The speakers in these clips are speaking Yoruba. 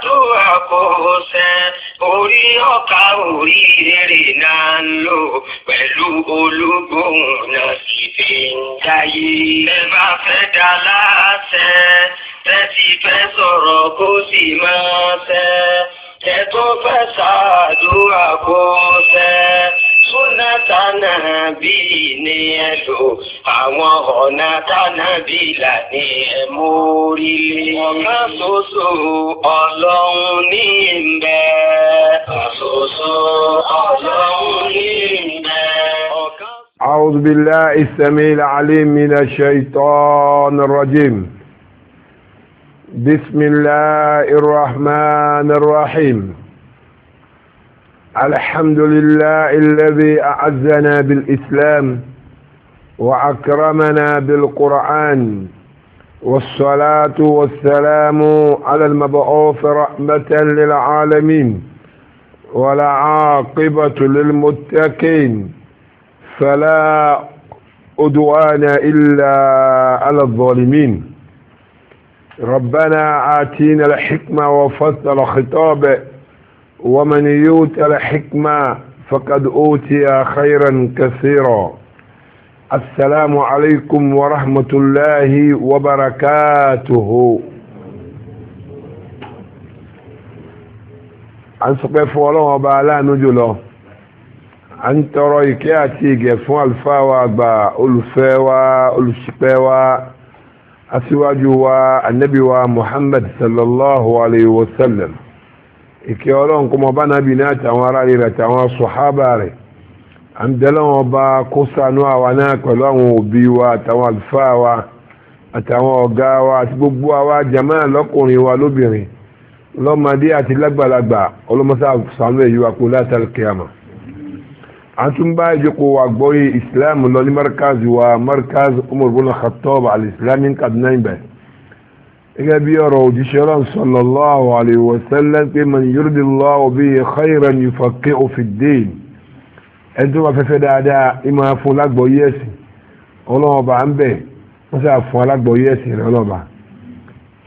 àdúrà kò ṣẹ orí ọ̀ka orí rere náà ń lò pẹ̀lú olúgbòhùn náà sì fi ń dáyé. ẹ bá fẹ́ dá láṣẹ tẹ́tí fẹ́ sọ̀rọ̀ kó sì máa ṣẹ ẹ tó fẹ́ ṣàdúrà kó ṣẹ súnà tánà bí ní ẹ lò àwọn ọ̀nà tánà bí là ní ẹ mórí lé. ọ̀kan ṣoṣo ọlọ́run ní ìbẹ̀. ọ̀kan ọlọ́run ní ìbẹ̀. أعوذ بالله السميع العليم من الشيطان الرجيم بسم الله الرحمن الرحيم الحمد لله الذي أعزنا بالإسلام وأكرمنا بالقرآن والصلاة والسلام على المبعوث رحمة للعالمين عاقبة للمتقين فلا أدوان إلا على الظالمين ربنا آتينا الحكمة وفصل خطابه ومن يوت الحكمة فقد أوتي خيرا كثيرا السلام عليكم ورحمة الله وبركاته à ń sọ pé fún ọlọ́run ọba aláàánú jùlọ à ń tọrọ ìkẹ́ àti ìgẹ̀ fún àlùfáà wa àgbà olùfẹ́ wa olùṣìpẹ̀ wa aṣíwájú wa ànábì wa Muhammad sallallahu alayhi wa sallam ìkẹ́ ọlọ́run kó mọ bá nàbì ní àtàwọn ará rẹ̀ àtàwọn sọ̀hábà rẹ̀ à ń bẹ́lẹ̀ wọn bá kó sànú àwa náà pẹ̀lú àwọn òbí wa àtàwọn àlùfáà wa àtàwọn ọ̀gá wa àti gbogbo àwa jàmáà lọ́kùnrin wa lóbìnrin lọ́mọdé àti lágbàlagbà ọlọ́mọsá sànú èyí wa kó látàlù kíyàmà à bá ìjókòó wa gbọ́yé ìsìláàmù lọ ní markaz wa markaz Umar bin Khattab al-Islami Kaduna ibẹ̀ gẹ́gẹ́ bí ọ̀rọ̀ òjíṣẹ́ ọlọ́run sallallahu alayhi wa sallam pé man yuridillahu bihi khayran yufaqihu fid-din ẹni tó bá fẹ́fẹ́ dáadáa ìmọ̀ fún lágbọ̀ọ́yé ẹ̀sìn ọlọ́run ọba ń bẹ̀ wọ́n sà fún alágbọ̀ọ́yé ẹ̀sìn rẹ̀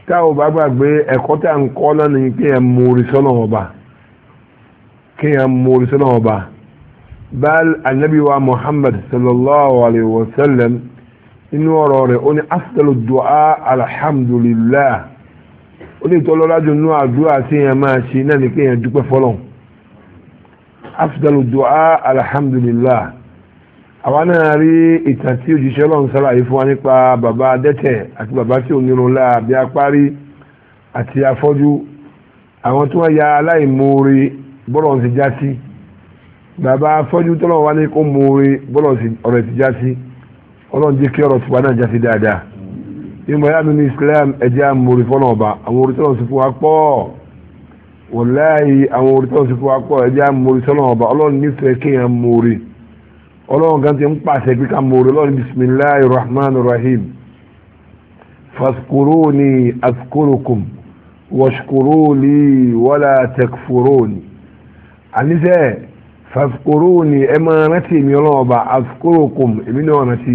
tá ò bá gbàgbé ẹ̀kọ́ tá ń kọ́ lọ́nà kí ẹ̀ mórí inú ọ̀rọ̀ rẹ̀ ó ní afdalu du'a alhamdulillah ó ní ìtọ́lọ́lájú inú àdúrà tí èèyàn máa ṣe náà ní pé èèyàn dúpẹ́ fọlọ́n afdalu du'a alhamdulillah àwa náà rí ìtàn tí òjíṣẹ́ ọlọ́run sálàyé fún wa nípa bàbá adẹ́tẹ̀ àti bàbá tí ò nírun láà bí apárí àti afọ́jú àwọn tí wọ́n ya aláìmoore bọ́lọ̀ ti já sí bàbá afọ́jú tọ́lọ̀ wá ní kó moore bọ́lọ̀ ọ̀rẹ́ ti já sí ọlọ́run jẹ́ kí ọ̀rọ̀ tiwa náà jáde dáadáa ìmọ̀ ya nínú islam ẹ̀jẹ̀ amòrì fọ́nà ọba àwọn orí tọ́lọ̀ sí fún wa pọ̀ wọ̀láyé àwọn orí tọ́lọ̀ sí fún wa pọ̀ ẹ̀jẹ̀ amòrì sọ́nà ọba ọlọ́run nífẹ̀ẹ́ kéèyàn mòrì ọlọ́run kan ti ń pàṣẹ pé ká mòrì ọlọ́run bisimilahi rahman rahim faskuruni askurukum washkuruli wala takfuruni àníṣẹ́ fàfikúrúni ẹ máa rántí èmi ọlọ́wọ́ bá àfikúrúkùm èmi náà rántí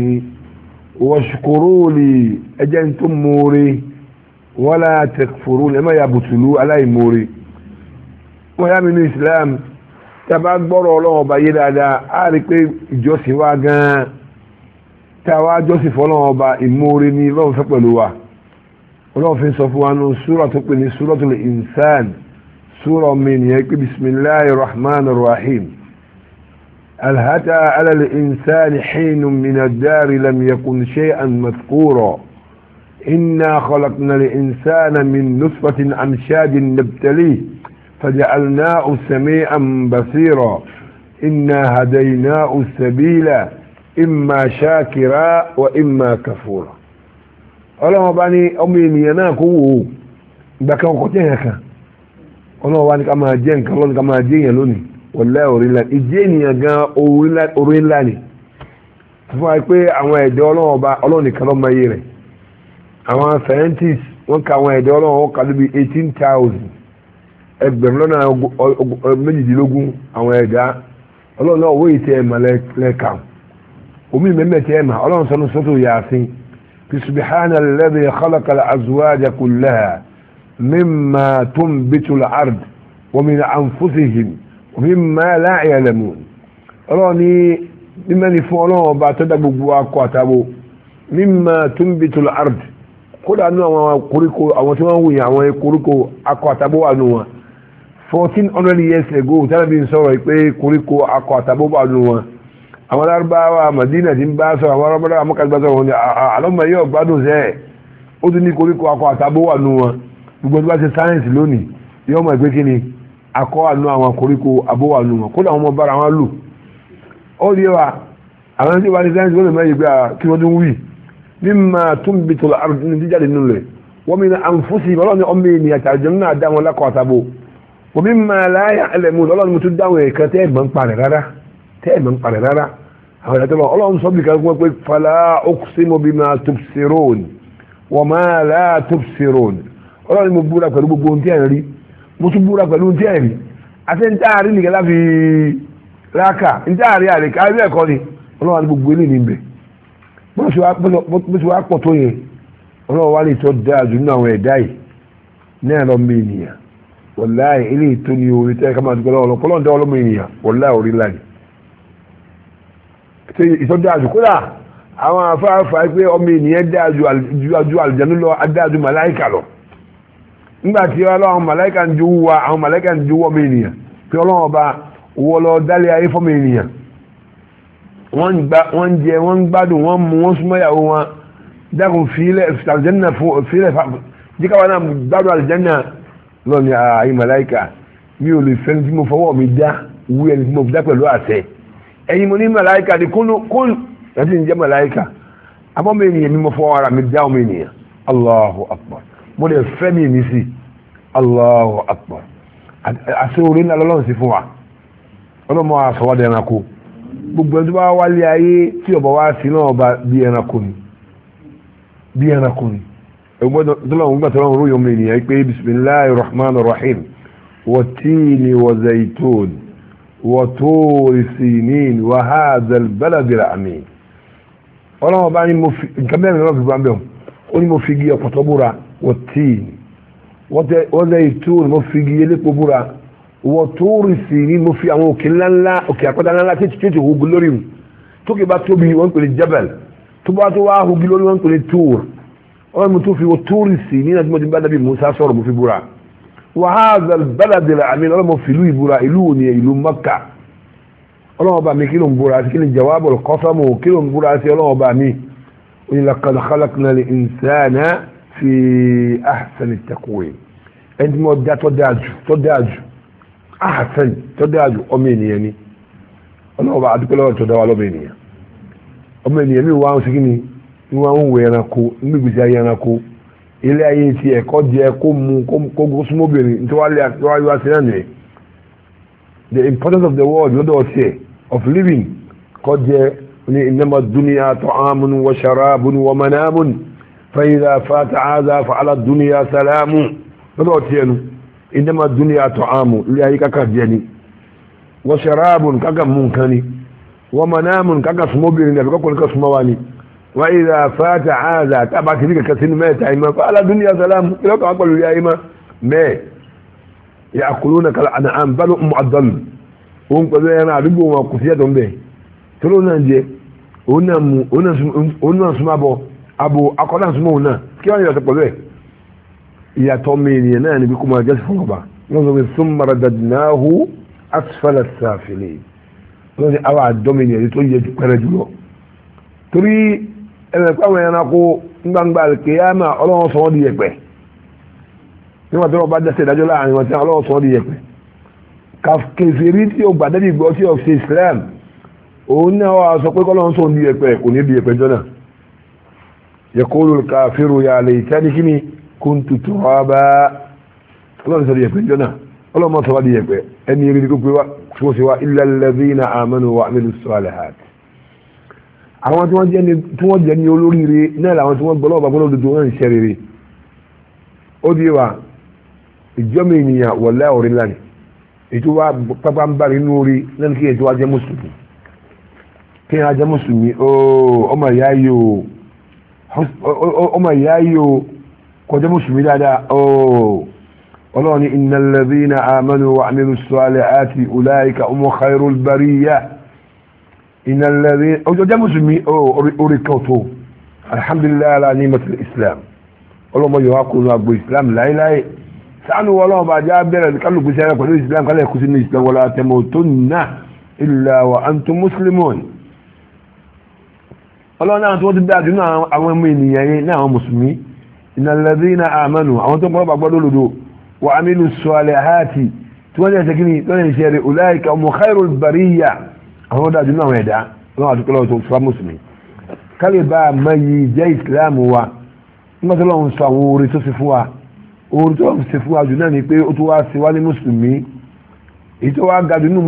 wọ́ṣukúrúni ẹjẹ́ ń tún múre wọ́lá tẹ̀kfúrúni ẹ máa yà bùtùlù aláìmúre. wọ́n yá mi ní Islam tá a bá gbọ́rọ̀ ọlọ́wọ́ bá yé dáadáa á rí i pé ìjọsìn wa gan-an tá a wá jọ́sìn fọlọ́wọ́ ìmúre ní lọ́wọ́ fẹ́ pẹ̀lú wa ọlọ́wọ́ fi sọ fún wa nù súrà tó pè ní súrà tó lè ìnsán súrà mi nìyẹn pé bisimilahi rahman rahim. الهتى على الإنسان حين من الدار لم يكن شيئا مذكورا إنا خلقنا الإنسان من نصفة أمشاد نبتليه فجعلناه سميعا بصيرا إنا هديناه السبيل إما شاكرا وإما كفورا ọlọ́wọ́ bá أمي نيناك ènìyàn náà kó wò ó ìgbà كما ọkọ̀ jẹ́ wọlé orí ńlá ìdí ènìyàn gan orí ńlá ni fún wa pé àwọn ẹ̀dẹ́ ọlọ́run ọba ọlọ́run nìkan lọ́mọ ayé rẹ̀ àwọn scientist wọ́n ka àwọn ẹ̀dẹ́ ọlọ́run ọkà níbi eighteen thousand ẹgbẹ̀rún lọ́nà méjìdínlógún àwọn ẹ̀dá ọlọ́run náà owó ìtẹ́ ẹ̀mà lẹ́ka omi mẹ́mẹ́tẹ́ ẹ̀mà ọlọ́run sọ́nu sọ́tò yàásín bisubihana alladhi khalaqa al-azwaja kullaha mimma tunbitu al-ard wa min anfusihim. mimma la ya'lamun ọlọ́run ní mímẹ́ ni fún ọlọ́run ọba tó gbogbo akọ àtàbò mimma tunbitul ard kódà nínú àwọn koríko àwọn tí wọ́n ń wòyàn àwọn koríko akọ àtàbò wà nù wọn fourteen hundred years ago tẹ́lẹ̀ bí n sọ̀rọ̀ pé koríko akọ àtàbò wà nù wọn àwọn arábáwá Madina ti ń bá sọ àwọn arábáwá amúkàgbà sọ̀rọ̀ wọn ni àlọ́mọ yóò gbádùn sẹ́ẹ̀ ó ti ní akọ wà nù wọn gbogbo akọ́ àánú àwọn koríko abówà nù wọn kódà wọn mọ bára wọn lò ó rí wa àwọn tí wàá ní sáyẹ́nsì wọn lè mẹ́rin gbé ah, kí wọ́n tún wí mímọ tún bí tọ́lá àrùn ní jíjáde nínú rẹ̀ wọ́n mi ní àǹfóṣì ọlọ́run ní ọmọ ènìyàn àtàjọ náà dá wọn lákọ̀ àtàbò wọ́n mi mọ aláyà ẹlẹ́mú ọlọ́run mi tún dá wọn ẹ̀kan tẹ́ ẹ̀mọ́ ń parẹ̀ rárá tẹ́ ẹ̀mọ́ ń parẹ̀ rárá àwọn ìyàtọ̀ lọ ọlọ́run sọ bí kan pé fala mo tún búra pẹ̀lú ní ẹ̀rí àti ní táàrí nìkan láfi ráàkà ní táàrí àríkà ẹ̀rí ẹ̀kọ́ ni ọlọ́wà ní gbogbo eléyìí níbẹ̀ bó ti wá pọ̀ tó yẹn ọlọ́wà wá lè tọ́ dáa jù nínú àwọn ẹ̀dá yìí náà lọ mí ènìyàn wọláì eléyìí tó ní orí tẹ́ ká máa dúpẹ́ lọ́wọ́ ọlọ́pọ̀ lọ́dọ̀ ọlọ́mọ ènìyàn wọláì orí ńlá ni ìtọ́jú àjù kódà àwọn afáfáà pé ọmọ ènìyàn dáa ju àlùjànnú lọ adáa ju màláìkà lọ nígbàtí ọlọ́run màláìkà ń ju wa àwọn màláìkà ń ju wọ́mọ ènìyàn pé ọlọ́run ọba wọ́ lọ dálé ayé fọ́mọ ènìyàn wọ́n ń jẹ wọ́n ń gbádùn wọ́n mú wọ́n súnmọ́ ìyàwó wọn dákun fílẹ̀ àlùjẹ́nà fílẹ̀ jíkàwá náà gbádùn àlùjẹ́nà lọ ní ààyè màláìkà mi ò lè fẹ́ tí mo fọwọ́ mi dá wú ẹni tí mo dá pẹ̀lú àṣẹ ẹ̀yin mo ní màláìkà ni kún kún láti mo lè fẹ́ mi ní sí i Allahu akbar àti orí ńlá lọ́lọ́run sí fún wa ọlọ́mọ àfọwọ́dẹ ẹranko gbogbo ẹni tó bá wálé ayé tí ọba wá sí náà ọba bí ẹranko ni bí ẹranko ni ẹgbẹ́ tọ́lọ́run gbà tọ́lọ́run rú yọmọ ènìyàn pé bisimilahi rahman rahim wọ́tíìnì wọ́zaitun wọ́tóòrì sinin wàhálà bẹ́lẹ̀bẹ̀rẹ̀ àmì ọlọ́mọba ni mo fi nǹkan mẹ́rin lọ́wọ́ fi bá ń ó ní mo fi gí ọ̀pọ̀ tọ́búra wọ́tíìnì wọ́n tẹ ìtúrù mo fi igi elépo búra wọ́n túrù sí ní mo fi àwọn òkè ńláńlá òkè àpáta ńláńlá tètè tètè ogun lórí mu tókè bá tóbi wọ́n pèlè jabal tó bá tó wá ogun lórí wọ́n pèlè túrù wọ́n mú tó fi wọ́n túrù sí ní nàìjíríà tí bá dàbí musa sọ̀rọ̀ mo fi búra wàhálà bàdàdìrà àmì ọlọ́mọ fìlú ìbúra ìlú òní ìlú maka ni jawabul qasamu kí bá mi òní fi ahsan taqwim ẹni tí wọ́n dá tó dáa jù tó dáa jù ahsan tó dáa jù ọmọ ènìyàn ni ọlọ́wọ́ bá adúpẹ́ lọ́wọ́ tó dá wa lọ́mọ ènìyàn ọmọ ènìyàn mi wá ń sigi ni ni wọ́n ẹranko ní gbèsè ayé ẹranko ilé ayé ti ẹ̀kọ́ jẹ kó mu kó súnmọ́bìnrin nítorí wàá lé àtiwájú àti náà nìyẹn the importance of the world lọ́dọ̀ ọ̀sẹ̀ of living kọ́ jẹ ní ìnáma dúnìyà ta'amun wa sharabun wa manamun. فإذا فات هذا فعلى الدنيا سلام فدوتين إنما الدنيا طعام لأي كاكاجيني وشراب كاكا منكني ومنام كاكا سموبيني كاكا سمواني وإذا فات هذا تبعك لك كسين ميت عيما فعلى الدنيا سلام لو تقول يا إما ما يأكلون كالأنعام بل هم أضل هم قالوا أنا أعرفهم وكفيتهم به تلو نانجي ونسمع بو abo akọ́dá súnmọ́ òun náà kí wọ́n yàtọ̀ yɛ ẹ̀ ìyàtọ̀ mìíràn náà níbi kó máa fún ọba wọ́n sọ pé súnmọ́ra dàdínáhù asfala sàfìlì wọ́n sọ àwọn àdọ́mìnira tó yẹ pẹ́rẹ́ jùlọ torí di di tí o gbọ́ tí o Islam òun náà wà sọ pé يقول الكافر يا ليتني كني كنت ترابا الله نسأل يكوين جنا الله ما سوى لي يكوين أن يريدكم كوا سوى إلا الذين آمنوا وعملوا الصالحات àwọn tí wọ́n jẹ́ ni tí wọ́n jẹ́ ni olóríire náà làwọn tí wọ́n gbọ́ lọ́wọ́ gbọ́dọ̀ dúdú náà ń ṣe rere ó di wa ìjọ́mi ènìyàn wọ̀lá òrin lánìí ètò wa pápá ń bá rí inú orí lẹ́nu kí ètò wa jẹ́ mùsùlùmí kí èèyàn jẹ́ mùsùlùmí ó o ọmọ ìyá yìí o kọjá mùsùlùmí dáadáa ooo ọlọ́run ní innal ladhina amanu wa amilus salihati ulaika umu khairul bariyah innal ladhina ọjọ́ mùsùlùmí orí kọ́tò alhamdulilayi ala ni matul islam ọlọ́mọ yóò wá kúrò àgbo islam láéláé sanu wọlọ́n bá já bẹ̀rẹ̀ kálukú sẹ́yìn pẹ̀lú islam kálẹ̀ kùsùn ní islam wala tamutunna illa wa antum muslimun ọlọ́run náà tó ti bá àdúnà àwọn ọmọ ènìyàn yẹn ní àwọn mùsùlùmí ìnàlẹ́dí na àmànù àwọn tó mọ́rọ̀ gbọ́dọ̀ lòdò wà amílù sọ̀lẹ̀ àti tí wọ́n jẹ́ kíní tó yẹn ṣe rẹ̀ ọláìka ọmọ khairu bariya àwọn ọdọ àdúnà àwọn ẹ̀dá wọn àti kọlọ́ tó fa mùsùlùmí kálí bá a mọ yìí jẹ́ ìsìlámù wa nígbà tó lọ́n sọ àwọn orin náà ni pé tó wá sí wá ga jù nínú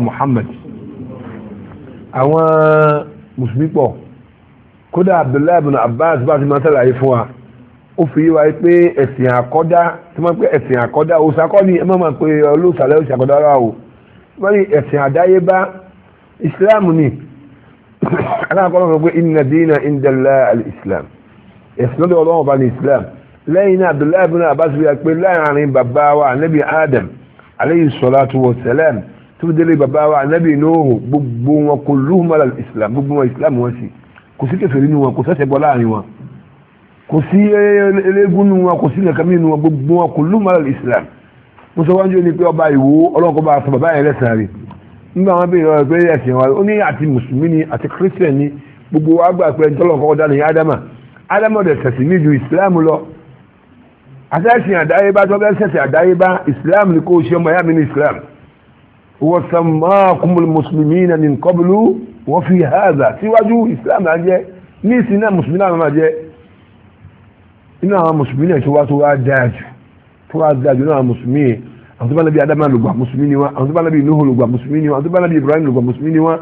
Muhammad àwọn mùsùlùmí pọ̀ kódà abdullahi ibn abbas bá ti máa sàlàyé fún wa ó fi wá pé ẹ̀sìn àkọ́dá tí wọ́n pé ẹ̀sìn àkọ́dá òsàkọ́ ni ẹ má máa pe olóòsàlẹ̀ òsàkọ́dá rà o wọ́n ní ẹ̀sìn àdáyébá islam ni aláàkọ́lọ́ sọ pé inna dina indala al ẹ̀sìn lọ́dọ̀ ọlọ́wọ́ bá ní islam lẹ́yìn náà abdullahi ibn abbas wíwá pé láàrin bàbá wa anabi adam aleyhi salatu wa salam tó fi délé bàbá wa anabi nóòhù gbogbo wọn kò lóhùn mọ́ra islam gbogbo wọn islam wọn sì kò sí kẹfẹ́ nínú wọn kò sẹ́sẹ̀ bọ́ láàrin wọn kò sí eléégún nínú wọn kò sí nǹkan nínú wọn gbogbo wọn kò lóhùn mọ́ra islam mo ni pé ọba ìwò ọlọ́kọ̀ bá sọ bàbá yẹn lẹ́sàn-án rẹ̀ nígbà wọn bèèrè ọ̀rọ̀ pé ẹ̀sìn wa ó ní àti mùsùlùmí ni àti kírísítẹ̀n ni gbogbo wa gbà pé ẹjọ́ lọ́kọ̀ ọ̀dà ádámà ádámà ọ̀dẹ̀ sẹ̀sìn ní ju ìsìláàmù lọ àtẹ̀sìn àdáyébá tó bẹ́ẹ̀ sẹ̀sìn àdáyébá ìsìláàmù ni kò ṣe ọmọ ẹ̀yà mi ní ìsìláàmù huwa sammakumul muslimina min qablu wa fi hadha síwájú islam náà jẹ́ ní ìsìn náà musulmi náà jẹ́ inú àwọn musulmi náà tó wá tó wá dájú tó wá dájú náà musulmi àwọn tó bá nàbí adama lùgbà musulmi ni wọn àwọn tó bá nàbí nuhu lùgbà musulmi ni wọn àwọn tó bá nàbí ibrahim lùgbà musulmi ni wọn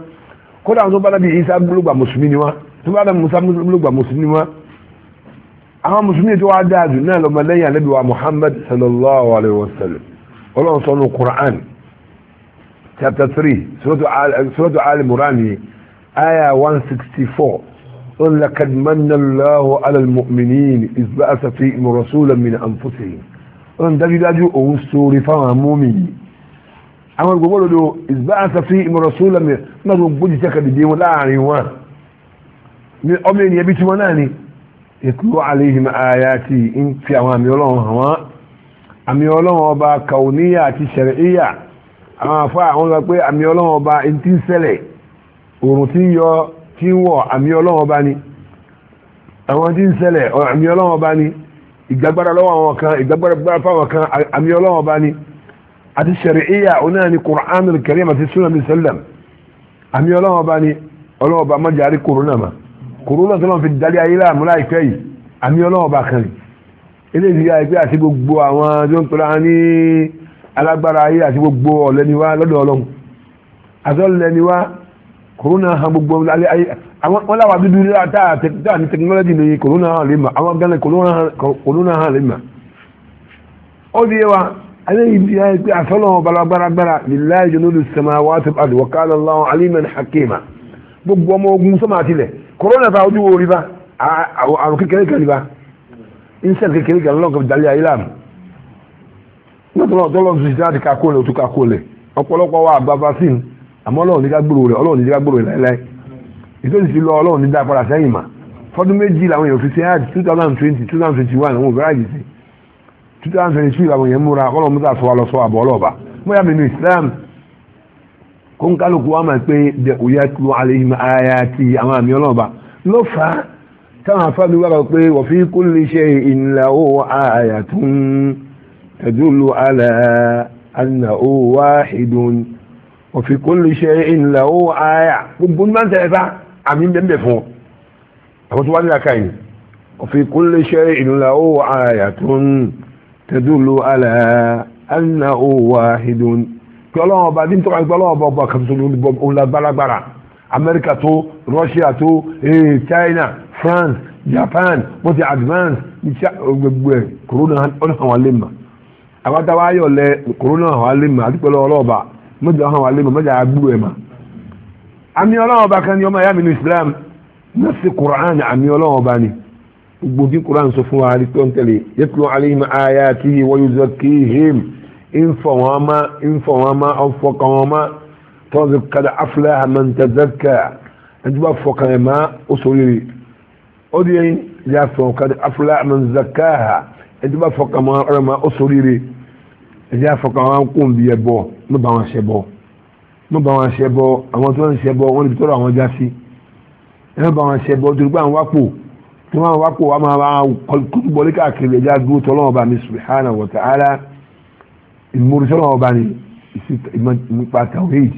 kódà àwọn tó bá nàbí isa lùgbà musulmi ni wọn tó bá nàbí musa lùgbà musulmi ni wọn àwọn musulmi tó wá dájú náà lọ́mọdé yà nàbí wa muhammad sallallahu alayhi wa sallam ọlọ́run sọ́nu qur'an chapter 3 suratu al-murani aya 164 قل لقد من الله على المؤمنين إذ بأس فيهم رسولا من أنفسهم قل dájúdájú òun sórí fáwọn mọ́mìnì àwọn gbogbo lòdò إذ بأس فيهم رسولا من náà tó gbójú tẹ́kà dìde wọn láàrin wọn ní ọmọ ènìyàn bí tí wọn náà ni ìtúwọ́ عليهم آياتي ń fi àwọn àmì ọlọ́run hàn wọ́n àmì ọlọ́run ọba kàwọ́níyà àti ṣẹ̀rẹ̀íyà àwọn afọ àwọn sọ pé àmì ọlọ́wọ́ ọba ti ń ṣẹlẹ̀ òòrùn tí ń yọ tí ń wọ̀ àmì ọlọ́wọ́ ọba ni àwọn tí ń ṣẹlẹ̀ àmì ọlọ́wọ́ ọba ni ìgbàgbára lọ́wọ́ àwọn kan ìgbàgbára fáwọn kan àmì ọlọ́wọ́ ọba ni àti ṣẹ̀rí'íyà onáà ni Qur'anul Karim àti sunnah ní sẹ́lẹ̀m àmì ọlọ́wọ́ ọba ni ọlọ́wọ́ ọba mọ́jàrí kòrónà mà kòrónà tó lọ́n fi dalí ayé láàmú alágbára ayé àti gbogbo ọ̀lẹ́ni wá lọ́dọ̀ ọlọ́run àtọ́lẹ́ni wá kòrónà hàn gbogbo wọn láwà dúdú dáa ní tẹkinọ́lọ́jì ní kòrónà hàn lè mà àwọn gánà kòrónà hàn lè mà ó di wa aléyìí ya pé àtọ́lọ́wọ́ balagbáragbára lílá ìjọlódù sẹ́mà wá ti pàdé wọ́kálọ́ láwọn alímẹ̀ hakima gbogbo ọmọ ogun sọ́mà àtìlẹ̀ kòrónà ta ojú wo rí bá àrùn kékeré kan rí bá insect kékeré kan lọ́nkọ̀ lọ́tọ́lọ́ tọ́lọ́ ti jáde kakó lẹ̀ òtún kakó lẹ̀ ọ̀pọ̀lọpọ̀ wa àgbà vaccine àmọ́ ọlọ́run nígbà gbòòrò rẹ̀ ọlọ́run nígbà gbòòrò rẹ̀ láíláí ìtòsí ti lọ ọlọ́run nígbà padà sẹ́yìn mà fọdún méjì làwọn èèyàn fi ṣe hajj two thousand twenty two thousand twenty one àwọn òbẹ́rẹ́ àjèjì two thousand twenty two làwọn èèyàn múra ọlọ́run mú sàfọwọ́ lọ sọ àbọ̀ ọlọ́ọ̀bà mọ́yà mi ní Islam kó ń fà á táwọn afáàmì wà pé wọ́n fi kulli shay'in lahu ayatun تدل على أنه واحد وفي كل شيء له آية قبل من سيفع عمين بن بفون أخوة لكين وفي كل شيء له آية تدل على أنه واحد kọlọ́wọ́ bá ní tọ́ka gbọ́lọ́wọ́ bọ̀ bọ̀ kàtúntò olùgbàlagbàrà amẹ́ríkà tó russia tó china france japan wọ́n ti advance ní gbogbo ẹ̀ corona ọ̀nà àwọn alẹ́ mọ̀ àwátáwá ayọ̀lẹ̀ kòrónà àwọn alẹ́mọ̀ àdúpẹ́lẹ́ ọlọ́ọ̀bà mọ́jà àwọn alẹ́mọ̀ mọ́jà agbúrò ẹ̀mà àmì ọlọ́ọ̀bà kan ní ọmọ ìyá mi ní Islam náà sí Quran àmì ọlọ́ọ̀bà ni gbogbo bí Quran sọ fún wa àdúpẹ́ ọ̀ntẹ̀lẹ̀ yẹtùlọ alayhim ayatihi wa yuzakkihim ìfọ̀wọ́má ìfọ̀wọ́má ọ̀fọ̀kànwọ́má tọ́sí kada aflaha man tazakka ẹjúbà fọkànwọ́má ó sọ ẹtí bá fọkàn mọ ọ̀rọ̀ mọ ọsọrire ẹtí bá fọkàn wọn kó ń bí ẹ bọ ní bá wọn ṣe bọ ní bá wọn ṣe bọ àwọn tó ń ṣe bọ wọn níbi tó rọ àwọn já sí ẹ ní bá wọn ṣe bọ torí pé àwọn wápò tí wọn wápò wọn máa kọlùbọlì káàkiri ẹjá dúró tọ lọ́wọ́ bá mi subhanahu wa ta'ala ìmúrisọ lọ́wọ́ bá mi ìmúpa tawhid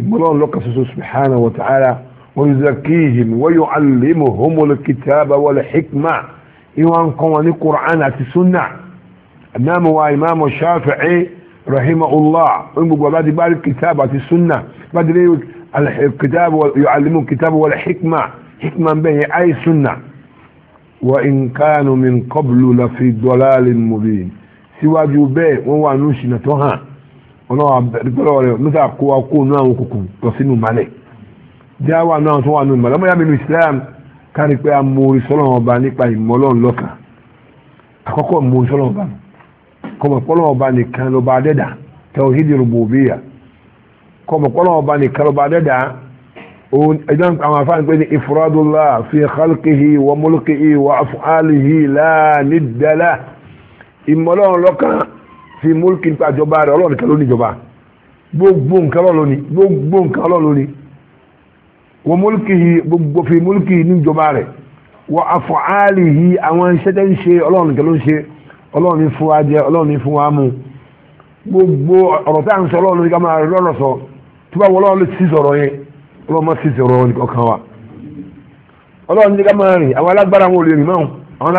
ìmúlọ́wọ́ lọ́kàn ṣoṣo subhanahu wa ta'ala wa yuzakkihim wa yu'allimuhumul kitaba wal hikma ìwọ̀n kan wọn ní Qur'an àti sunna ìmáàmù wa ìmáàmù Shafi'i rahimahullah wọn gbogbo bá ti bá rí kìtàbù àti sunna bá ti rí kìtàbù yu'allimu kìtàbù wal hikma hikma bẹ́ẹ̀ yẹn ayé sunna wa in kanu min qablu la fi dalalin mubin síwájú bẹ́ẹ̀ wọ́n wà ní ṣìnà tó hàn ọlọ́wà gbọ́dọ̀ rẹ̀ nígbà kó wa kó nú àwọn òkùnkùn lọ sínú malẹ̀ jáwà náà tó wà nú malẹ̀ ọmọ yà mí lu Islam kárí pé a mọ orí sọ́lọ́wọ́ ọba nípa ìmọ̀ ọlọ́run lọ́kàn àkọ́kọ́ mọ orí sọ́lọ́wọ́ ọba kọmọ̀ pọ́lọ́wọ́ ọba nìkan lọ́ba adẹ́dà tawhidi rububiyya kọmọ̀ pọ́lọ́wọ́ ọba nìkan lọ́ba adẹ́dà ẹ̀dán àwọn afáàní pé ní ifradullah fi khalqihi wa mulkihi wa af'alihi la nidda ìmọ̀ ọlọ́run lọ́kàn fi mulki nípa ìjọba rẹ̀ ọlọ́run nìkan wa mulkihi gbogbo fi mulkihi ní ìjọba rẹ̀ wa af'alihi àwọn iṣẹ́ tẹ́ ń ṣe ọlọ́run nìkan ló ń ṣe ọlọ́run ní fún wa jẹ ọlọ́run ní fún wa mu gbogbo ọ̀rọ̀ tá à ń sọ ọlọ́run ní ká máa lọ́rọ̀ sọ tí wọ́n wọ́n lọ́rọ̀ sí sọ̀rọ̀ yẹn ọlọ́run má sí sọ̀rọ̀ ọkàn wa ọlọ́run ní ká máa rìn àwọn alágbára wọn ò lè rìn mọ́ àwọn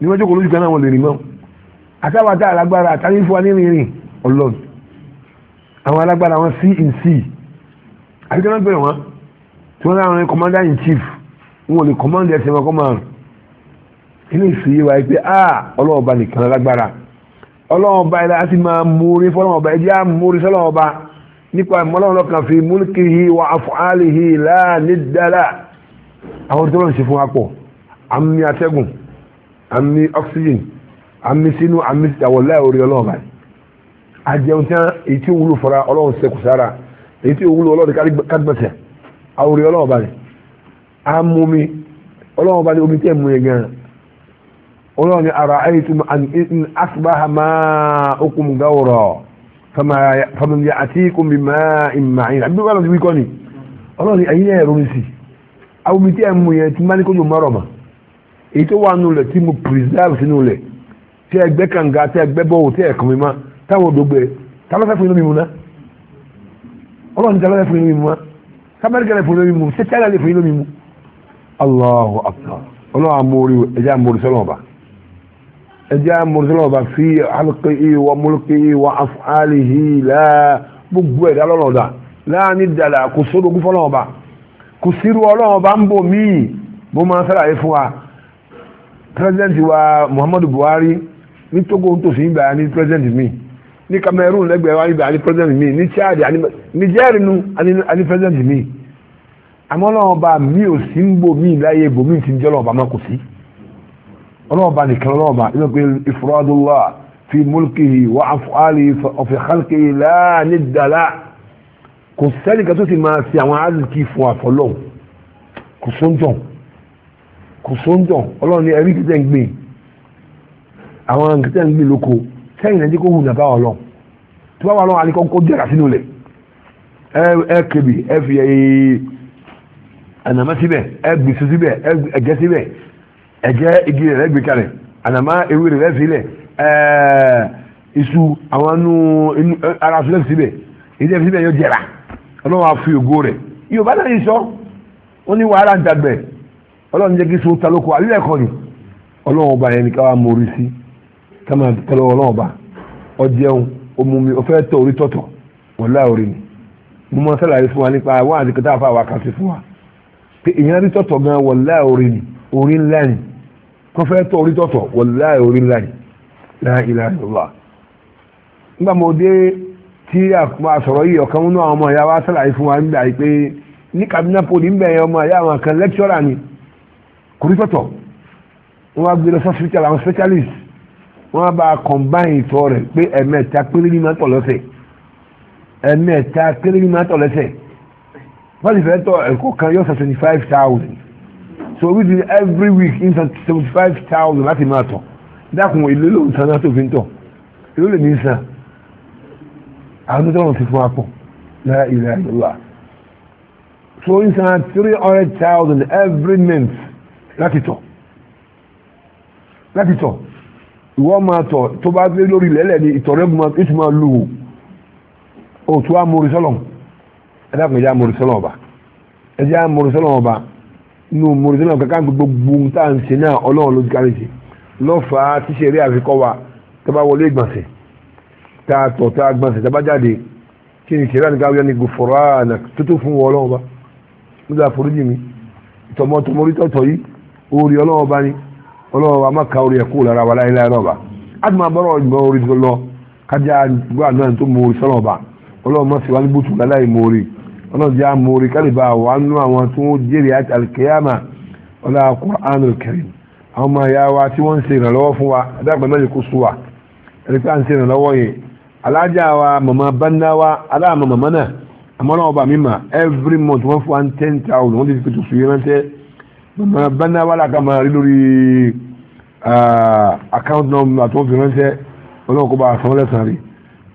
ni wọ́n jókòó lójú kan náà wọn ò lè rìn àtàwọn àtàlágbára àtàlífọ́ nírìnrìn ọlọ́run àwọn alágbára wọn sí in àbíkẹ́ náà bẹ̀rẹ̀ wọn tí wọ́n láwọn commander in chief wọn ò lè commander ẹ̀sìn ọkọ̀ márùn inú ìsúyé wa pé a ah, ọlọ́ọ̀ba nìkan lágbára ọlọ́ọ̀ba ẹ̀dá á sì máa múrí fọlọ́ọ̀ba ẹ̀dí á múrí sọlọ́ọ̀ba nípa ìmọ̀lọ́wọ́ lọ́kàn fi múlùkìhì wà àfọ̀hálìhì láànídàlá àwọn tó lọ́n ṣe fún wa pọ̀ àmì atẹ́gùn àmì oxygen àmì sínú àmì ìtàwọ̀ láì orí ọlọ́ọ̀ba àjẹun tán èyí tí ó wúlò fara ọlọ́run ṣẹkù sára èyí tí òwúlò ọlọ́run kádìmọ̀sẹ̀ àwòrè ọlọ́run bá rẹ̀ á mú mi ọlọ́run bá ní omi tẹ́ mú yẹn gan ọlọ́run ní ara ayé tó ń asbaha máa okùn gáwòrọ̀ fàmìlì àti ikùn máa ìmà àbí wọ́n ti wí ni ọlọ́run ẹ̀yìn ẹ̀ rọrùn sí àwọn omi tẹ́ mú yẹn ti máa ní kó yóò mọ́rọ̀ mọ́ èyí tó wà nù lẹ̀ tí mo preserve sínú lẹ̀ tí ẹgbẹ́ kànga tí ẹgbẹ́ bọ́ọ̀ tí ẹ̀kọ́ mi táwọn òdògbé táwọn fẹ́ fún inú mi mú náà ọlọ́run jẹ́ lọ́lẹ́ fún ilé mi mu sábẹ́rẹ́ gẹ́lẹ́ fún ilé mi mu ṣé china lè fún ilé mi mu. Allahu akbar ọlọ́run amórí ẹ̀jẹ̀ amórí sọ́nà ọba ẹ̀jẹ̀ amórí sọ́nà ọba fi alqihi wa mulkihi wa af'alihi láà gbogbo ẹ̀dá lọ́nà ọ̀dà láàánú dàlà kò sódògún fọ́nà ọba kò sírú ọlọ́run ọba ń bò míì Ni Cameroon lẹ́gbẹ̀ẹ́ wa ibẹ̀ àní president mi ni Chad àní Niger nu àní president mi àmọ́ mi ò sí ń bò mí láyé bò mí ti ń jẹ́ ọlọ́ọ̀ba má kò sí ọlọ́ọ̀ba nìkan ọlọ́ọ̀ba inú pé ifradullah fi mulkihi wa af'alihi fi khalqihi la nidda la kò sẹ́ni kan tó ti máa fi àwọn àlùkì fún àfọlọ́hùn kò sóńjọ̀ kò sóńjọ̀ ọlọ́ọ̀ni ẹ̀rí kìtẹ́ ń gbìn àwọn kìtẹ́ ń gbìn lóko sẹ́yìn ẹ̀jẹ̀ kó hùn nàbà ọlọ́ tí wọ́n wà lọ́wọ́ àríkọ́ kó jẹ́ra sínú lẹ̀ ẹ kébì ẹ fi ànàmá síbẹ̀ ẹ gbèsè síbẹ̀ ẹ̀jẹ̀ síbẹ̀ ẹ̀jẹ̀ igi rẹ̀ ẹ gbé kalẹ̀ ànàmá ewé rẹ̀ ẹ sílẹ̀ iṣu àwọn inú ara sílẹ̀ síbẹ̀ ìdí síbẹ̀ yóò jẹ́ra ọlọ́wọ́ àfi ògo rẹ̀ yorùbá náà yìí sọ ó ní wàhálà ń dàgbẹ̀ ọlọ́run jẹ́ kí so ta lóko àbí ẹ̀kọ́ ni ọlọ́run ọba yẹn ni káwá mórí sí kama kẹlẹ ọlọ́run ọba ọjẹun omumi ọfẹ tọ orí tọtọ wọn láì orí ni mo máa sàlàyé fún wa nípa àwọn àdìkọtà àfa àwọn àkàtì fún wa pé èèyàn rí tọtọ gan wọn láì orí ni orí ńlá ni kọfẹ tọ orí tọtọ wọn láì orí ńlá ni láì ilà ìlọlá nígbà mo dé tí a sọ̀rọ̀ yìí ọ̀kan nínú àwọn ọmọ ìyá wa sàlàyé fún wa nígbà yìí pé ní kàbínà poli ń bẹ̀yẹ ọmọ ìyá àwọn kan lẹ́kítọ́rà ni kò rí tọ̀tọ̀ wọ́n á gbé lọ sọ́sìtì àwọn specialist wọ́n bá kọ̀ǹbáyìn tọ́ rẹ̀ pé ẹ̀mẹ́ta péré ní máa tọ̀ lọ́sẹ̀ ẹ̀mẹ́ta péré ní máa tọ̀ lọ́sẹ̀ wọ́n sì fẹ́ tọ̀ ẹ̀kọ́ kan yóò san twenty five thousand so we do every week in san seventy five thousand láti máa tọ̀ dákun ìlú lòun san náà tó fi ń tọ̀ ìlú lè ní san àwọn tó tọ̀rọ̀ ti fún wa pọ̀ lára ìlú àyẹ̀wò so in san three hundred thousand every month láti tọ̀ láti tọ̀ ìwọ́n máa tọ̀ tó bá gbé lórí lẹ́lẹ̀ ní ìtọ̀rẹ́gùn máa tún máa lù ó tó á mórí sọ́lọ̀ ẹ̀dá kan ẹ̀dá mórí sọ́lọ̀ ọba ẹ̀dá mórí sọ́lọ̀ ọba inú mórí sọ́lọ̀ kankan gbogbo tá à ń ṣe náà ọlọ́run ló kárí ṣe lọ́fàá tí ṣe rí àfikọ́ wa tó bá wọlé ìgbọ̀nsẹ̀ tá a tọ̀ tá a gbọ̀nsẹ̀ tá a bá jáde kí ni ṣe láti ní gòfòrò ọlọ́wọ́ wa mọ́ka orí ẹ̀kú lára wa láyé láyé lọ́ba adùnmọ̀ abọ́rọ̀ ìgbọ́ orí tó lọ kájá gbà náà tó mórí sọ́lọ́ba ọlọ́wọ́ mọ́ sí wa ní bùtù láláì mórí ọlọ́wọ́ já mórí kálíbà wà nú àwọn tó ń jèrè alkiyama ọlá Qur'anul Karim àwọn ọmọ ìyá wa tí wọ́n ń ṣe ìrànlọ́wọ́ fún wa adágbà mẹ́rin kó sú wa ẹni pé à ń ṣe ìrànlọ́wọ́ yẹn wa màmá bánná wa aláàmà màmá náà àmọ́ náà ọba mímà every month wọ́n fún wa ten thousand wọ́n ti fi tuntun yẹn rántẹ́ mama bana wala kama lórí account number àti wọn fi ránṣẹ́ ọlọ́run kó bá a san lẹ́sàn rí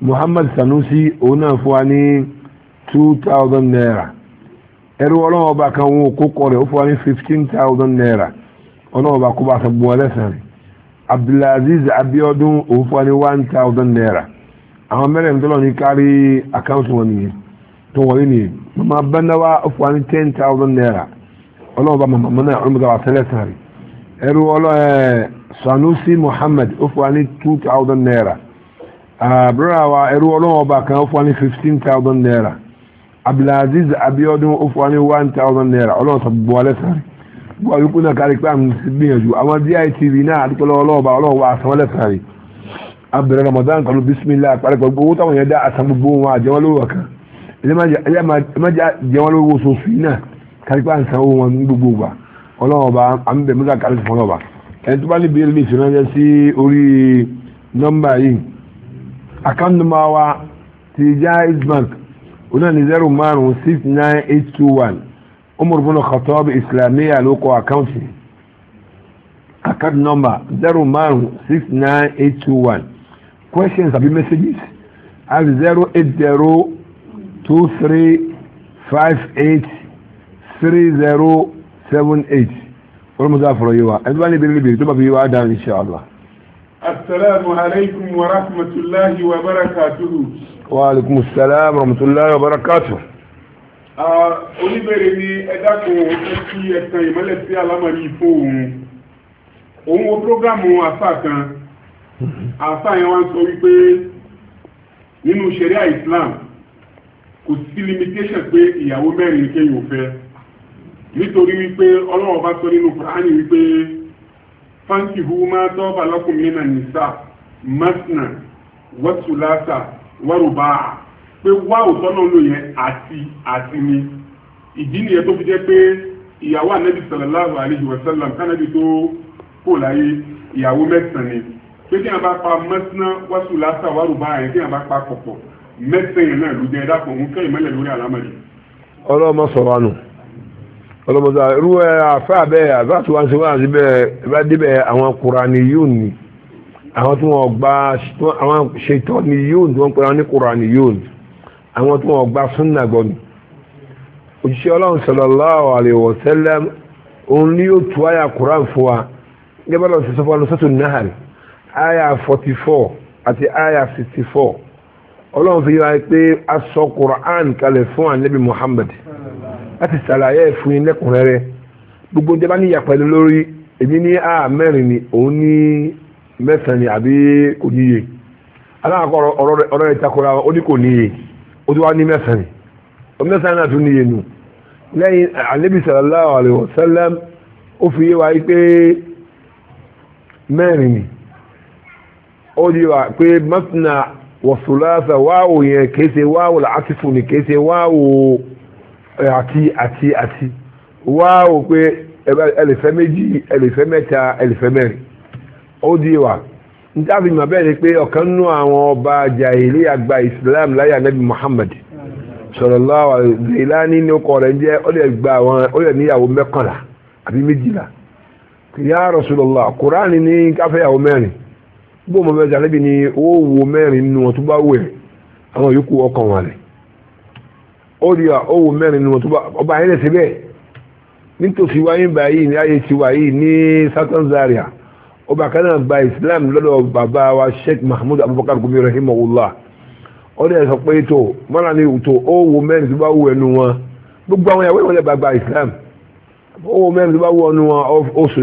muhammad sanusi òun náà fún wa ní two thousand naira ẹrú ọlọ́run ọba kan wọn kó kọ rẹ̀ ó fún wa ní fifteen thousand naira ọlọ́run ọba kó bá a san gbọ́n lẹ́sàn rí abdulaziz abiodun òun fún wa ní one thousand naira àwọn mẹ́rin tó lọ ní kárí account wọn nìyẹn tó wọlé nìyẹn mama bana wa ó fún wa ní ten thousand naira ọlọ́ọ̀bá mọ̀mọ́nà ọlọ́mọdé wa tẹ́lẹ̀ sáré ẹrú ọlọ́ ẹ̀ sanusi muhammad ó fún wa ní two thousand naira àbúrò wa ẹrú ọlọ́ọ̀bá kan ó fún wa ní fifteen thousand naira abdulaziz abiodun ó fún wa ní one thousand naira ọlọ́ọ̀sọ gbogbo alẹ́ sáré gbogbo àyùkú náà kárí pé àmì gbìyànjú àwọn ditv náà àdúgbò ọlọ́ọ̀bá ọlọ́ọ̀wá àsanwọ́lẹ̀ sáré abdulrahman ramadan kalu bisimilah àpárẹ̀kọ̀ gbogbo táwọn yẹn dá àsan gbogbo wọn àjẹwọ́lówó kan ẹ kárípá ń sanwó wọn ní gbogbo ìgbà ọlọ́run ọba àmúbẹ̀ mọ́tà kárí fún ọlọ́ba ẹni tó bá lè béèrè lè fìránṣẹ́ sí orí nọ́mbà yìí account ti Jaiz Bank onáà zero márùn six nine eight two one Umar bin Khattab Islamiyya ló kọ account yìí account number zero márùn six nine eight two one questions àbí messages have zero eight zero two three five eight three zero seven eight olùmọ̀sá àfọ̀rọ̀ yìí wa ẹni tó bá ní ìbéèrè lè béèrè tó bá fi yìí wa á dáhùn insha Allah. asalaamu alaykum wa rahmatulahi wa barakatuhu. wa alaykum salaam wa rahmatulahi wa barakatuhu nítorí wípé ọlọ́wọ́ bá sọ nínú kùránì wípé fáńkì hu máa tọ́ balọ́kùn mìíràn nìsà masna wọ́túlásà wọ́rùbá pé wá òtọ́ náà ló yẹn àti àti ni ìdí nìyẹn tó fi jẹ́ pé ìyàwó ànábì sallallahu alaihi wasallam kánábì tó kò láyé ìyàwó mẹ́sàn-án ni pé kí wọ́n bá pa masna wọ́túlásà wọ́rùbá yẹn kí wọ́n bá pa pọ̀pọ̀ mẹ́sàn-án yẹn náà ló jẹ́ dákọ̀ òun kẹ́ ìmọ́lẹ̀ lórí àlámọ̀lẹ̀ ọlọ́mọ sọ̀rọ̀ nù ọlọ́mọdé irú ẹ àfáà bẹ́ẹ̀ àbáṣe wá sí wá sí bẹ́ẹ̀ bá débẹ̀ àwọn kùránì yóò ní àwọn tí wọ́n gba àwọn ṣètò ní yóò ní wọ́n pẹ̀lú àwọn ní kùránì yóò ní àwọn tí wọ́n gba súnà gbọ́ ni òjíṣẹ́ ọlọ́run sallallahu alaihi wa sallam òun ni yóò tú àyà kùránì fún wa gẹ́gẹ́ bá ṣe sọ fún alùsọ́tò nahal àyà 44 àti àyà 64 ọlọ́run fi yọ àyè pé aṣọ kùránì kalẹ̀ fún ànábì Muhammad láti ṣàlàyé ẹ̀fún yín lẹ́kùnrẹ́rẹ́ gbogbo jẹ́ bá ní ìyàpẹ́ lórí èmi ní a mẹ́rin ni òun ní mẹ́sàn-án ni àbí kò níye aláàkọ́ ọ̀rọ̀ rẹ̀ takora ó ní kò níye ó ti wá ní mẹ́sàn-án ni ó mẹ́sàn-án náà tún níye nù lẹ́yìn ànábì sallallahu alaihi ó fi yé wa pé mẹ́rin ni ó di wa pé mọ́tìnà wọ̀sùlá wáwò yẹn kèése wáwò làásìfò ni kèése wáwò. Ati, ati, ati. wá o pé ẹlẹ́fẹ́ méjì ẹlẹ́fẹ́ mẹ́ta ẹlẹ́fẹ́ mẹ́rin ó di wa níta fi mọ̀ bẹ́ẹ̀ ni pé ọ̀kan nú àwọn ọba jahili àgbà islam láyé nabi muhammad sallallahu alaihi wasallam ìlànà ní ọkọ rẹ̀ jẹ́ ó lè gba àwọn ó lè níyàwó mẹ́kànlá àbí méjìlá ya rasulullah kuraani ní káfíyàwó mẹ́rin gbọ́n mọ̀ bẹ́ẹ̀ jàlẹ́bi ni ó wo mẹ́rin nù wọn tó bá wẹ̀ àwọn yòókù ọkàn wọn rẹ̀ ó rí owó mẹ́rin nínú ọba ayé lẹ́sẹ̀ bẹ́ẹ̀ nítòsí wáyé báyìí ní ayé ti wáyé ní southern Zaria ọba kan náà gba Islam lọ́dọ̀ bàbá wa Sheikh Mahmoud Abubakar Gumi rahimahullah ó dẹ̀ sọ pé tó mọ́ra ní tó owó mẹ́rin tó bá wù ẹnu wọn gbogbo àwọn ìyàwó ìwọlẹ̀ bá gba Islam owó mẹ́rin tó bá wù ẹnu wọn oṣù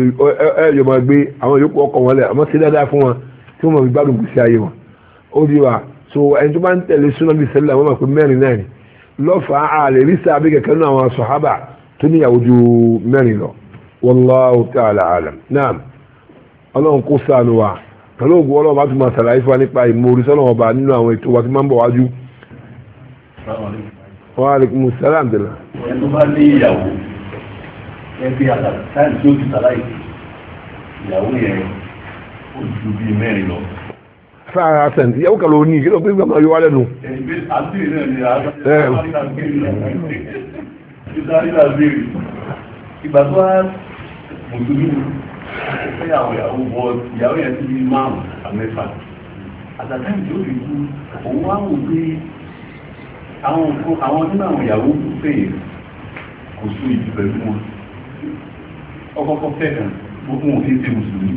ẹ̀yọ̀ máa gbé àwọn yòókù ọkọ̀ wọn lẹ̀ àmọ́ sí dáadáa fún wọn tí wọ́n mọ̀ fi gbádùn kùsì ayé wọn ó di wa so ẹni tó bá ń tẹ̀lé súnmọ́ bíi sẹ́lẹ̀ àwọn ọmọ pé mẹ́rin náà ni lọ́fà àlè rí sàbí kẹ̀kẹ́ nínú àwọn sọ̀hábà tó níyàwó ju mẹ́rin lọ wallahu ta'ala alam naam ọlọ́run kó sànù wa pẹ̀lú ògùn ọlọ́run bá tún máa sàlàyé fún wa nípa ìmórí sọ́lọ́run ọba nínú àwọn ètò wa tí máa ń bọ̀ wájú. wa alaikum salam dèlà. ẹni tó bá ní ìyàwó ẹbí àtàkùn sáyẹ̀nsì ó ti sàlàyé ìyàwó yẹn ó ju bíi mẹ́rin lọ sára cent ìyàwó kan ló ní kí ló pé gbàgbà yóò wá lẹ́nu. ìgbà tó wá mùsùlùmí fẹ́yàwó ìyàwó bọ́ ìyàwó yẹn ti di márùn-ún àmẹ́fà àtàtà ìjọ òbí kú òun wá wò pé àwọn nínú àwọn ìyàwó fèyè kò sún ìjù pẹ̀lú wọn ọkọ̀ọ̀kọ̀ fẹ́ kan gbogbo òfin ṣe mùsùlùmí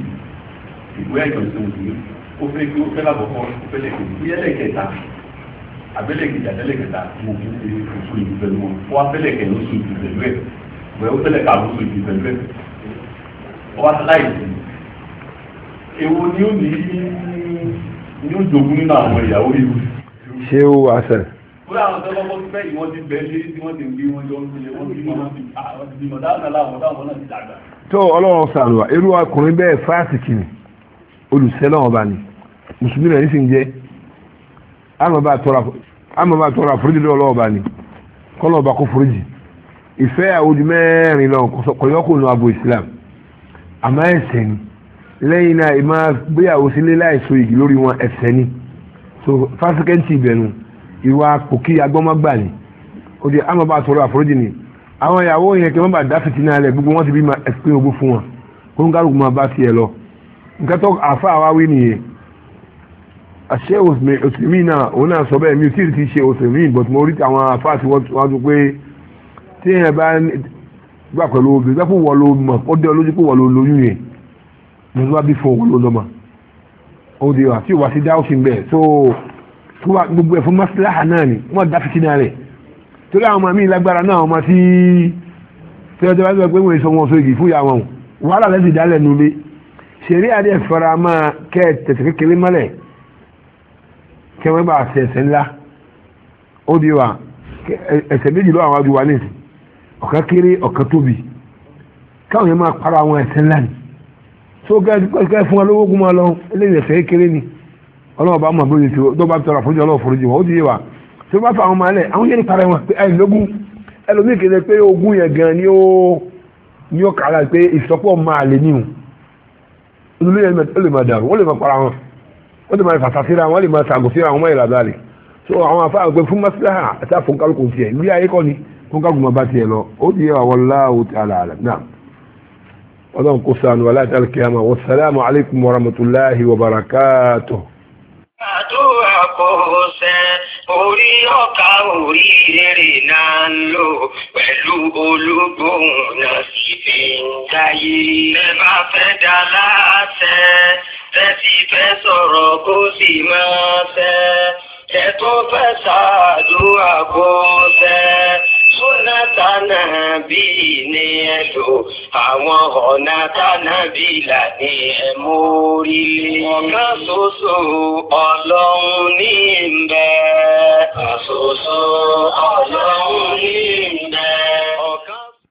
ìgbóyà ìjọ ṣe mùsùlùmí ó fẹ́ kí ó fẹ́ lábọ̀kọ́ ó fẹ́ lẹ́kẹ̀ẹ́ bí ẹlẹ́kẹ̀ẹ́ta abẹ́lẹ̀kẹ̀ẹ́ta ẹlẹ́kẹ̀ẹ́ta mo kì í ṣe oṣù ìdí pẹ̀lú wọn ó wá fẹ́lẹ̀kẹ̀ lóṣù ìdí pẹ̀lú ẹ̀ bẹ́ẹ̀ ó fẹ́lẹ̀kẹ̀ lóṣù ìdí pẹ̀lú ẹ̀ ó wá láì sí èwo ni ó ní ní ó jogún nínú àwọn ìyàwó ìlú. ṣé ó wá sẹ̀. ó láwọn tó lọ́kọ́ fẹ́ ìwọ́n ti bẹ́ẹ̀ lé tí wọ́n ti gbé wọn jọ ń gbé wọn bí wọn ti bímọ dáhùn láwọn táwọn náà ti dàgbà. tó ọlọ́run sàlùwà irú ọkùnrin bẹ́ẹ̀ fásitì ni olùsẹ́lọ́wọ́n bá ni mùsùlùmí náà nísìnyí jẹ́ àmọ́ bá tọrọ àforíjì lọ́wọ́ lọ́wọ́ bá ní kọ́lọ́ ọba kó foríjì ìfẹ́ àwòdì mẹ́rin lọ kọ̀yọ́kùn ní abo Islam àmọ́ ẹ̀ṣẹ̀ ni lẹ́yìn náà ìmọ̀ gbéyàwó sílé láìso igi lórí wọn ẹ̀ṣẹ̀ ni so fásikẹ́ǹtì ìbẹ̀nu ìwà kòkí agbọ́mọ́gbà ni ó di àmọ́ bá tọrọ àforíjì ni àwọn ìyàwó yẹn kí wọ́n bá dá fìtínà lẹ̀ gbogbo wọn ti bí ma ẹ̀sìn ogún fún wọn kó ń kálukú máa bá tiẹ̀ lọ nǹkan àfa àwa wí nìyẹn àṣẹ òsìmí náà òun náà sọ bẹ́ẹ̀ mi ò tí ì ti ṣe òsìmí but mo rí àwọn afá tí wọ́n sọ pé tí èèyàn bá gbà pẹ̀lú obìnrin gbà fún wọn ló mọ̀ ó dé olójú pé wọn ló lóyún yẹn mo tún bá bí fún wọn ló lọ́mọ ó di wa tí ìwà sí dá òsìn bẹ́ẹ̀ so gbogbo ẹ̀ fún masilaha náà ni wọ́n dá fitinà rẹ̀ torí àwọn ọmọ mi lágbára náà ọmọ tí tẹ́lẹ̀tẹ́lẹ̀ bá gbọ́ pé wọ́n sọ wọn sọ igi fúyà wọn wàhálà lẹ́sìn dálẹ̀ nulẹ̀ ṣeré adé fara kẹ́ tẹ̀tẹ̀ kékeré mọ́lẹ̀ kẹwẹ́ bá ṣe ẹsẹ̀ ńlá ó di wa ẹsẹ̀ méjì ló àwọn adùwà ní ìsìn ọ̀kan kéré ọ̀kan tóbi káwọn yẹn máa para àwọn ẹsẹ̀ ńlá ni tó kẹ́ fún wa lówó kún wa lọ eléyìí ẹsẹ̀ kéré ni ọlọ́wọ́ bá mọ̀ bóyá tó dọ́gba tọrọ àforíjì ọlọ́wọ́ foríjì wọn ó di wa tó bá fa àwọn ọmọ alẹ́ àwọn yẹn ní para wọn pé ẹ̀ lógún ẹlòmíì kéde pé ogún yẹn gan ni ó ni ó kàrà pé ìsọpọ̀ máa lè níhùn olùlé yẹn lè má dàrú wọ́n lè má para wọn wọ́n ti máa fàtà síra wọ́n lè máa sàgò wọ́n máa ìlàdà rẹ̀ so àwọn afá àgbẹ̀ fún masilaha àti àfọ̀nkálùkù tiẹ̀ ìlú ayé kọ́ ni fúnkálùkù máa bá tiẹ̀ lọ ó ti yẹ àwọn láwù tí a là àlà náà ọlọ́run kò sànù aláìsí alikiyama wa salaamu alaykum wa rahmatulahi wa barakaatu. orí ọ̀ka orí rere náà ń lò pẹ̀lú olúgbòhùn náà sì fi ń dáyé. ẹ bá fẹ́ dá láàṣẹ fẹ́ sì fẹ́ sọ̀rọ̀ kó sì máa fẹ́ ẹ tó fẹ́ ṣàdúrà kó fẹ́ sónátánà bí ní ẹ̀dọ̀ àwọn ọ̀nà tánàbí là ní ẹ̀mórílé. ọ̀kan ṣoṣo ọlọ́run ní ń bẹ. ọ̀kan ọlọ́run ní ń